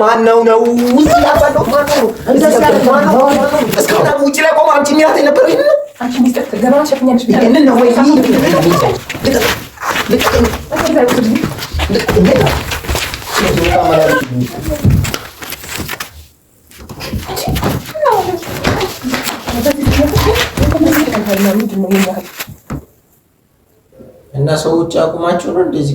ማነው ነው? ውጭ ላይ ቆሞ አንቺ የሚላት የነበረው እና ሰዎች አቁማችሁ ነው እንደዚህ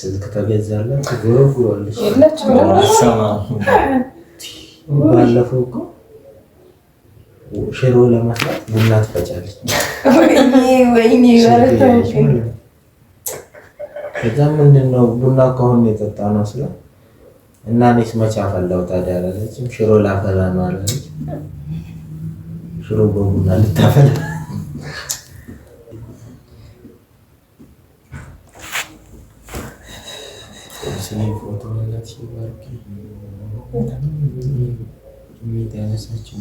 ስልክ ተገዛላት ጎረጎረልሽ ባለፈው እኮ ሽሮ ለመስራት ቡና ትፈጫለች። ከዛ ምንድን ነው ቡና ከሆነ የጠጣ ነው ስለ እና እኔስ መቼ አፈላው ታዲያ አላለችም። ሽሮ ላፈላ ነው አላለች። ሽሮ በቡና ልታፈላ ስለ ፎቶ እናት ሲባርክ ሁኔታ ያነሳቸው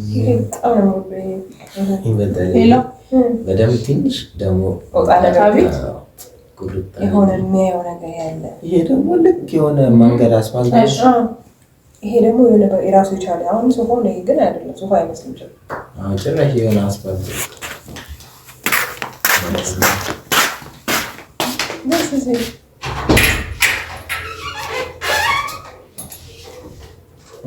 ትንሽ ደግሞ የሆነ ይሄ ደግሞ ልክ የሆነ መንገድ አስፋልት ይሄ ደግሞ የሆነ የራሱ የቻለ አሁን ሶፋ ላይ ግን አይደለም፣ ሶፋ አይመስልም ጭራሽ የሆነ አስፋልት ደስ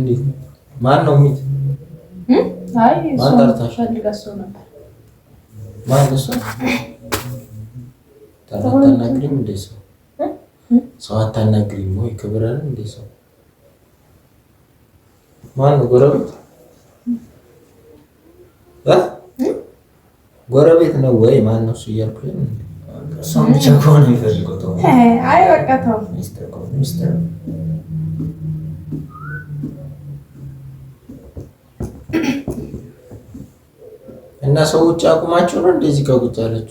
እንዴት ነው? ማን ነው ሚት? አይ ሰው ነበር። ማን ነው ሰው? አታናግሪም እንደ ሰው ሰው አታናግሪም ወይ ክብር አለ ሰው። ማን ነው ጎረቤት? ጎረቤት ነው ወይ ማን ነው እሱ እያልኩኝ ብቻ ከሆነ የሚፈልገው ተው። አይ በቃ ተው። ሚስተር እና ሰዎች አቁማቸው ነው እንደዚህ ከጉት ያለች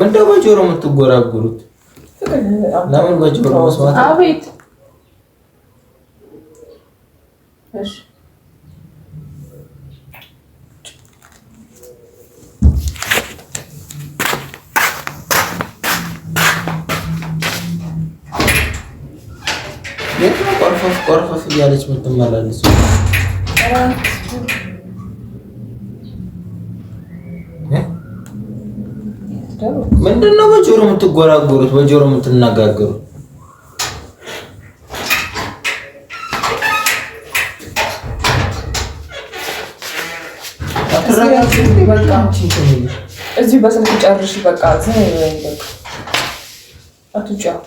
ምንድነው በጆሮ የምትጎራጉሩት? ለምን በጆሮ መስማት? አቤት እሺ ቆርፈፍ ቆርፈፍ እያለች የምትመላለስ ምንድን ነው? በጆሮ የምትጎራጎሩት፣ በጆሮ የምትነጋገሩት እዚህ በስልክ ጨርሽ። በቃ ዝም በቃ አትጫወት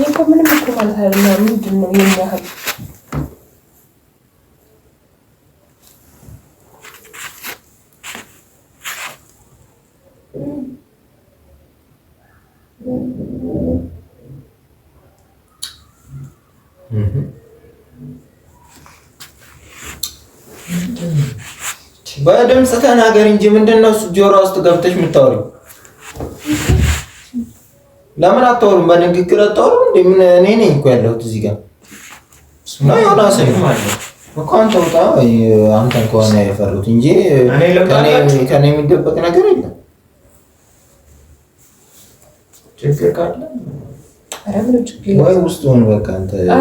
ይህ እኮ ምንም እኮ ማለት አይደለም። ምንድን ነው የሚያህል በድምፅ ተናገር እንጂ ምንድን ነው ጆሮ ውስጥ ገብተሽ የምታወሪው? ለምን አታወሩም? በንግግር አታወሩ እንደምን እኔ ነኝ እኮ ያለሁት እዚህ ጋር ነው። ዮናስ እንኳን ተውጣ አንተን ከሆነ የፈሩት እንጂ ከኔ የሚደበቅ ነገር የለም። ችግር ካለ ወይ ውስጥ በቃ አንተ እና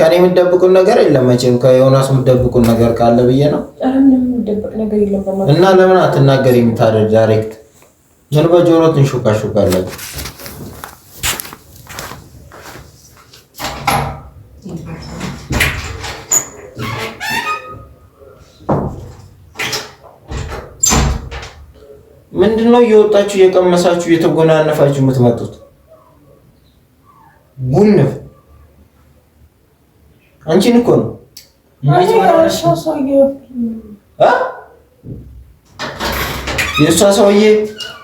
ከኔ የሚደብቁን ነገር የለም መቼም። ከዮናስ የሚደብቁን ነገር ካለ ብዬ ነው እና ለምን አትናገሪም ታዲያ ዳይሬክት ጀልባ ጆሮ ትንሹካሹካላችሁ ምንድነው? እየወጣችሁ እየቀመሳችሁ እየተጎናነፋችሁ የምትመጡት ጉንፍ። አንቺን እኮ ነው የእሷ ሰውዬ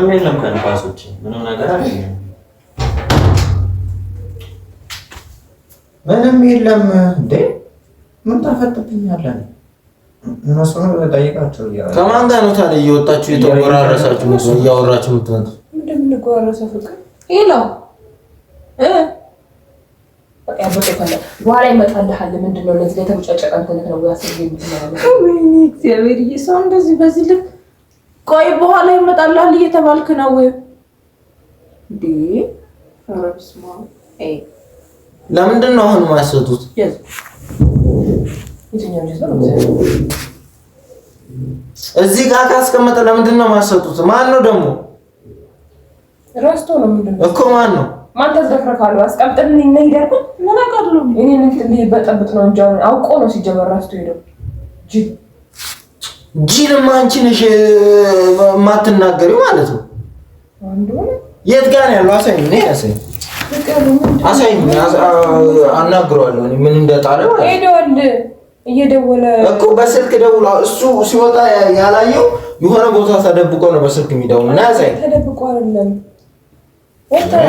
ምንም የለም ከንፋሶች ምንም ነገር አይደለም። ምንም የለም እንዴ! ምን ታፈጥብኛለህ? እነሱ ነው ጠይቃቸው። ከማን ጋር ነው ታዲያ እየወጣችሁ የተጎራረሳችሁ እያወራችሁ የምትመጡት? እንደምንጎራረሰው ፍቅር ይለው በኋላ ይመጣልሃል። ምንድን ነው ለዚህ ላይ ነው ያሰብ የሚለው እግዚአብሔር እየሰው እንደዚህ በዚህ ልክ ቆይ በኋላ ይመጣላል እየተባልክ ነው እንዴ? ኧረ በስመ ለምንድን ነው አሁን የማያሰጡት? እዚህ ጋር ካስቀመጠ ለምንድን ነው የማያሰጡት? ማን ነው ደግሞ ረስቶ ነው እኮ ማን ነው ማን ተዘፍረ ካሉ አስቀምጥልኝ እና ሂደርኩት ምን አውቃለሁ እኔ በጠብጥ ነው እንጂ አውቆ ነው ሲጀመር ረስቶ ሄደው ጂንማ አንቺ ነሽ የማትናገሪው ማለት ነው። የት ጋር ነው ያለው? አሳይኝ፣ እኔ አሳይኝ፣ አሳይኝ፣ አናግረዋለሁ ምን እንደጣለ እየደወለ እኮ በስልክ ደውሎ እሱ ሲወጣ ያላየው የሆነ ቦታ ተደብቆ ነው በስልክ የሚደውል እና ያሳይ ተደብቆ አይደለም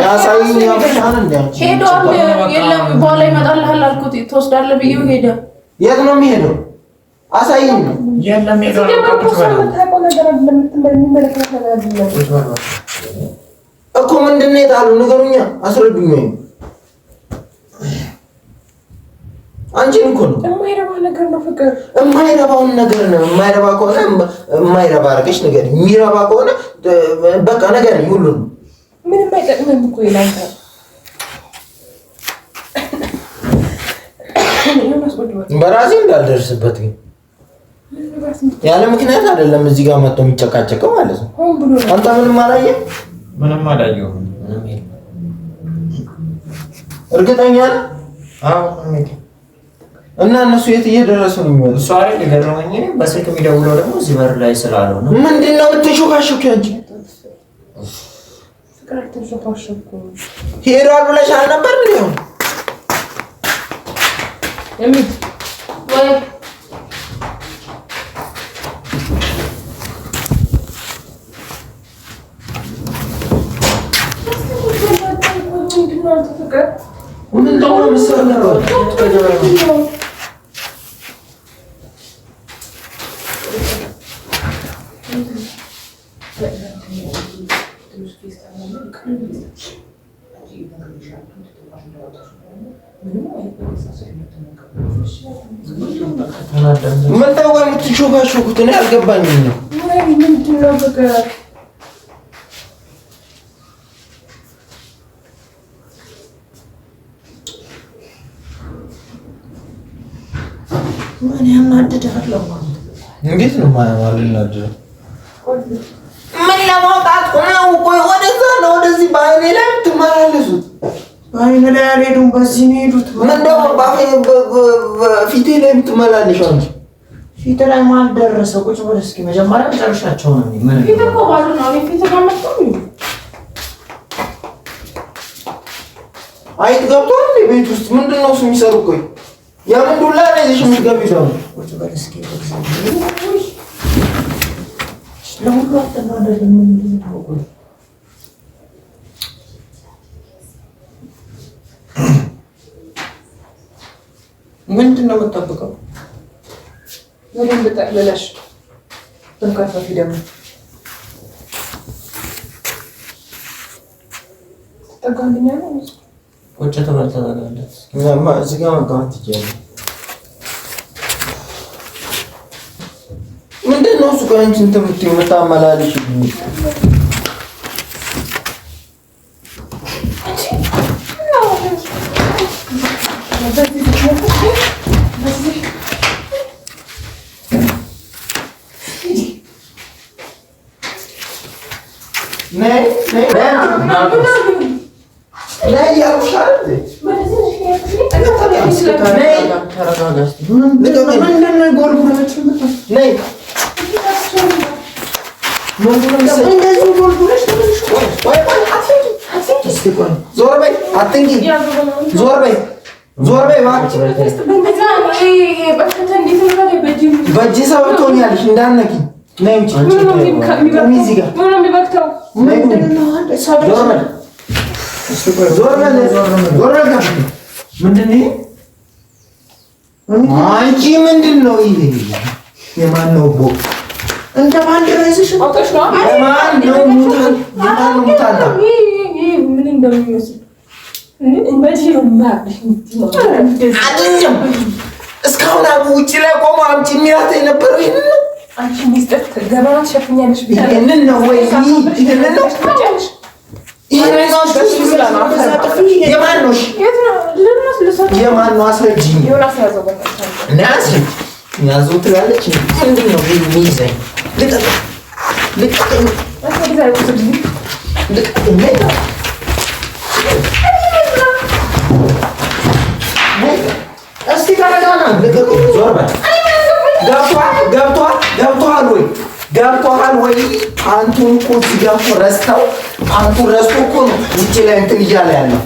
ያሳይኝ። ሄዷል። የለም በኋላ ይመጣልሃል አልኩት። ትወስዳለህ ብዬው ሄደ። የት ነው የሚሄደው? አሳይ እኮ ምንድን ነው የጣሉ ንገሩኛ፣ አስረዱኝ። አንቺን እኮ ነው የማይረባውን ነገር ነው የማይረባ ከሆነ የማይረባ አድርገሽ ነገር የሚረባ ከሆነ በቃ ነገር ሁሉ ነው ምንም አይጠቅምም እኮ በራሴ እንዳልደርስበት ግን ያለ ምክንያት አይደለም እዚህ ጋር መጥቶ የሚጨቃጨቀው ማለት ነው። አንተ ምንም አላየህ፣ ምንም አላየሁም። እርግጠኛ ነህ? አዎ። እና እነሱ የት እየደረሱ ነው የሚሆነው? እሱ አይደል የገረመኝ። በስልክ የሚደውለው ደግሞ እዚህ በር ላይ ስላለው ነው። ምንድን ነው የምትሾካሾኪው አንቺ? ሄዷል ብለሽ አልነበር? ምን እንደሆነ መሰለህ ምን ታውቃለህ? የምትሾካሾኩት እኔ አልገባኝም ነው እንዴት ነው ማልናደረው? ምን ለማውጣት ነው? ቆይ ወደዛ ነው ወደዚህ በአይኔ ላይ የምትመላለሱት? በአይኔ ላይ አልሄዱም፣ በዚህ ነው የሄዱት። ምን ደግሞ ፊቴ ላይ የምትመላለሽ አንቺ? ፊት ላይ ማን ደረሰ? ቁጭ ብለህ እስኪ መጀመሪያ ጨርሻቸው ነው። ፊት እኮ ባሉ ነው ፊት ጋር መጥቶ አይት ገብቷል። ቤት ውስጥ ምንድን ነው እሱ የሚሰሩ? ቆይ ያምን ዱላ ላይ ይሽ ምገብ ይዛው ወጭ በለስኪ ለሁሉ አተናደረ ምን ምንድን ነው የምጠብቀው? በደንብ ጠቅልለሽ በርካታ ፊደም ጠጋልኛ ነው ቁጭ ትበል ተዘጋለት። እኛማ እዚህ ጋር ይችላል። ምንድን ነው እሱ ቆይ አንቺ እንትን የምትይው የምታመላልሽ በእጅ ሰው ትሆኛለሽ እንዳነኪ ምንድን አንቺ ምንድን ነው ይሄ? የማን ነው ቦክ? እንደ ባንዲራ ይዘሽ አውጣሽ ነው። የማን ነው ሙታል? የማን ነው ሙታል? ምን እንደሚመስል እስካሁን አቡ ውጭ ላይ ቆሞ አምጪ የሚላት የነበረው ይሄንን ነው። አንቺ ሚስጥር ገበና ትሸፍኛለሽ። ይሄንን ነው ወይ? ይሄንን ነው የማን ነው አስረጅኝ ወይ? ገብቶሃል ወይ? ፓንቱን እኮ ሲገፉ ረስተው ፓንቱን ረስቶ እኮ ነው ላይ እንትን እያለ ያለው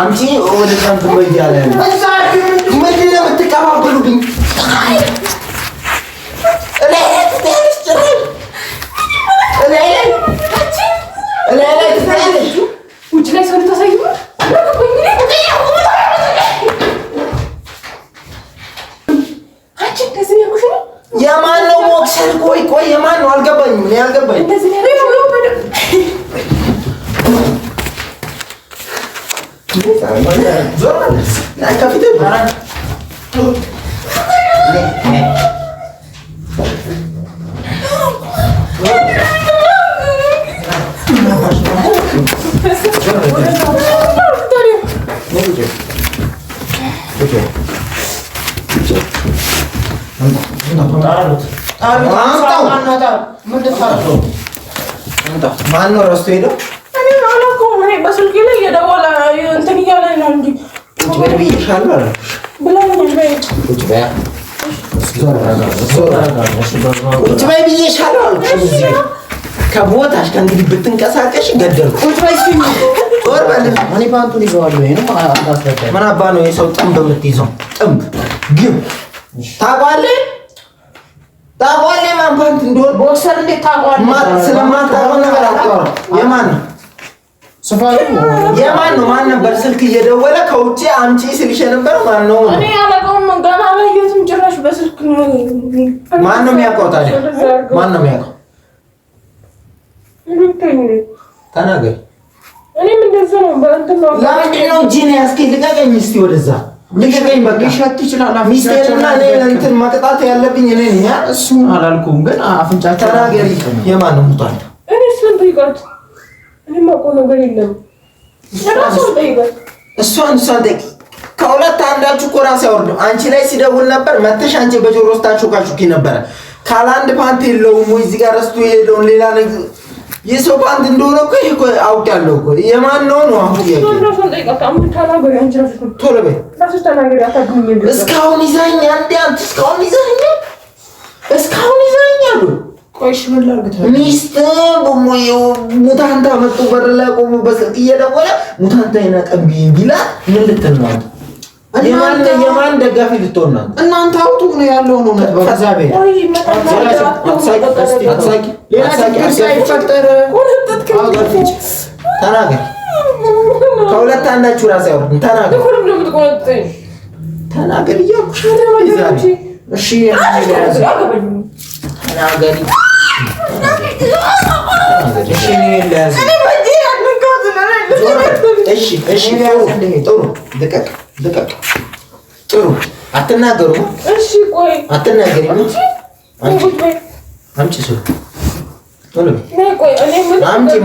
አንቺ ወደ ታንቱ እያለ ያለው ምንድን ነው የምትቀባበሉብኝ? ውጭ ላይ ሰው ታሳይ ቆይ የማን ነው አልገባኝም። እኔ አልገባኝ ጣሉት ማነው ረስቶ ሄደው? በስልክ ላይ እየደወለ እንትን እያለ ነው እንጂ ቁጭ በይ ብዬሻለሁ አልኩሽ። ከቦታሽ ከእንግዲህ ብትንቀሳቀሽ ገደልኩ። ምን አባ ነው የሰው ጥንብ የምትይዘው? ጥምብ ግብ ታውቃለህ ታውቀዋለህ የማን ፓንት እንደሆነ ቦክሰር እንዴት ታውቀዋለህ? ስለማታውቀው ነገር አውቀዋለሁ። የማን ነው? የማን ነው? ማን ነበር ስልክ እየደወለ ከውጭ አምጪ ስልሽ የነበረው ማን ነው? እኔ አላውቀውም። ገና አላየሁትም ጭራሽ በስልክ ነው። ማን ነው የሚያውቀው ታዲያ? ማን ነው የሚያውቀው? ተናገር። እኔም እንደዚያ ነው። ለምንድን ነው እጄን ያስኬ? ልቀቀኝ እስኪ ወደዛ ልሸጠኝ ሊሸጥ ይችላል። ሚስቴርና እኔ እንትን መቅጣት ያለብኝ እኔ ነኝ። እሱ አላልኩም፣ ግን አፍንጫቸው ተናገሪ። የማን ነው ሙቷል? እኔ እሱን ጠይቃት። እኔ የማውቀው ነገር የለም። እሷን እሷን ጠይቂ። ከሁለት አንዳችሁ እኮ ራስ ያወርደው። አንቺ ላይ ሲደውል ነበር መተሽ፣ አንቺ በጆሮ ውስጥ ታሾካሹኪ ነበረ። ካላንድ ፓንት የለውም ወይ እዚህ ጋር ረስቶ የሄደውን ሌላ ነገር የሰው ፓንት እንደሆነ እኮ ይሄ እኮ አውቄያለሁ እኮ የማን ነው ነው? አሁን እስካሁን ይዛኝ አንዴ አንተ እስካሁን ይዛኝ እስካሁን ይዛኝ አሉ። ቆይሽ ሙታንታ መጡ በር ላይ ቆሞ በስልክ እየደወለ ሙታንታ ይና ቢላ ምን ልትል ነው? የማን ደጋፊ ልትሆን ነው? እናንተ አውጡ ነው ያለው ነው ነው ተናገር። ከሁለት አንዳችሁ ራስ ያወርድን። ተናገር ተናገር እያልኩሽ እሺ ጥሩ አትናገሩም። እሺ ቆይ አትናገሪም። አምጪ ሰው ቶሎ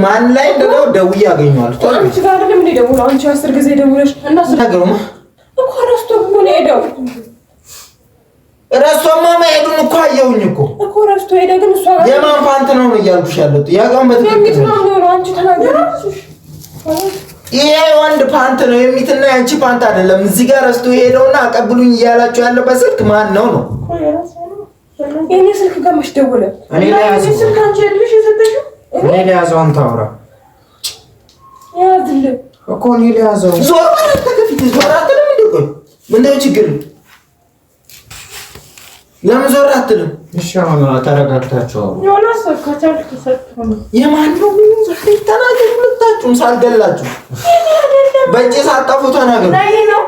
ማን ላይ ደግሞ ደውዬ አገኘዋለሁ። ረስቶማ መሄዱን እኮ አየሁኝ እኮ እኮ ረስቶ ሄደ። ግን እሷ የማን ፋንት ነው ነው እያልኩሽ ያለሁት። ያውቃውን በትክክል ነው። አንቺ ተናገሪ ይሄ ወንድ ፓንት ነው የሚትና ያንቺ ፓንት አይደለም። እዚህ ጋር ረስቶ ሄደውና አቀብሉኝ እያላችሁ ያለው በስልክ ማን ነው ነው? የኔ ስልክ ጋር መች ደወለ? እኔ ላይ አንተ አውራ እኮ እኔ ዞር ተከፊት ዞር አትልም። ችግር? ለምን ዞር አትልም? እሺ አሁን ተረጋግታችሁ ዮናስ ከቻል ተሰጥቶ የማን ነው? ዛሬ ተናገሩ። ሁለታችሁም ሳልገላችሁ በእጄ ሳጠፉ ተናገሩ። ነው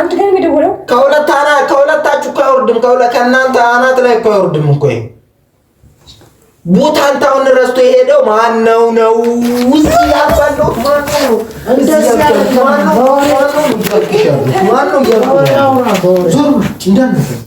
አንተ ጋር የሚደውለው ከሁለት አና ከሁለታችሁ እኮ አይወርድም። ከሁለት ከእናንተ አናት ላይ እኮ አይወርድም እኮ ቡታንታውን ረስቶ የሄደው ማን ነው? ነው እዚህ ያባለው ማን ነው? እንደዚህ ያባለው ማን ነው? ማን ነው?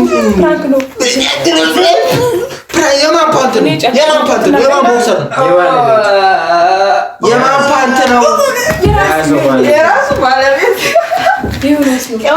የማን ፓንት ነው? የማን ቦክሰር ነው? ነው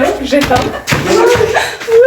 የሚሸጠው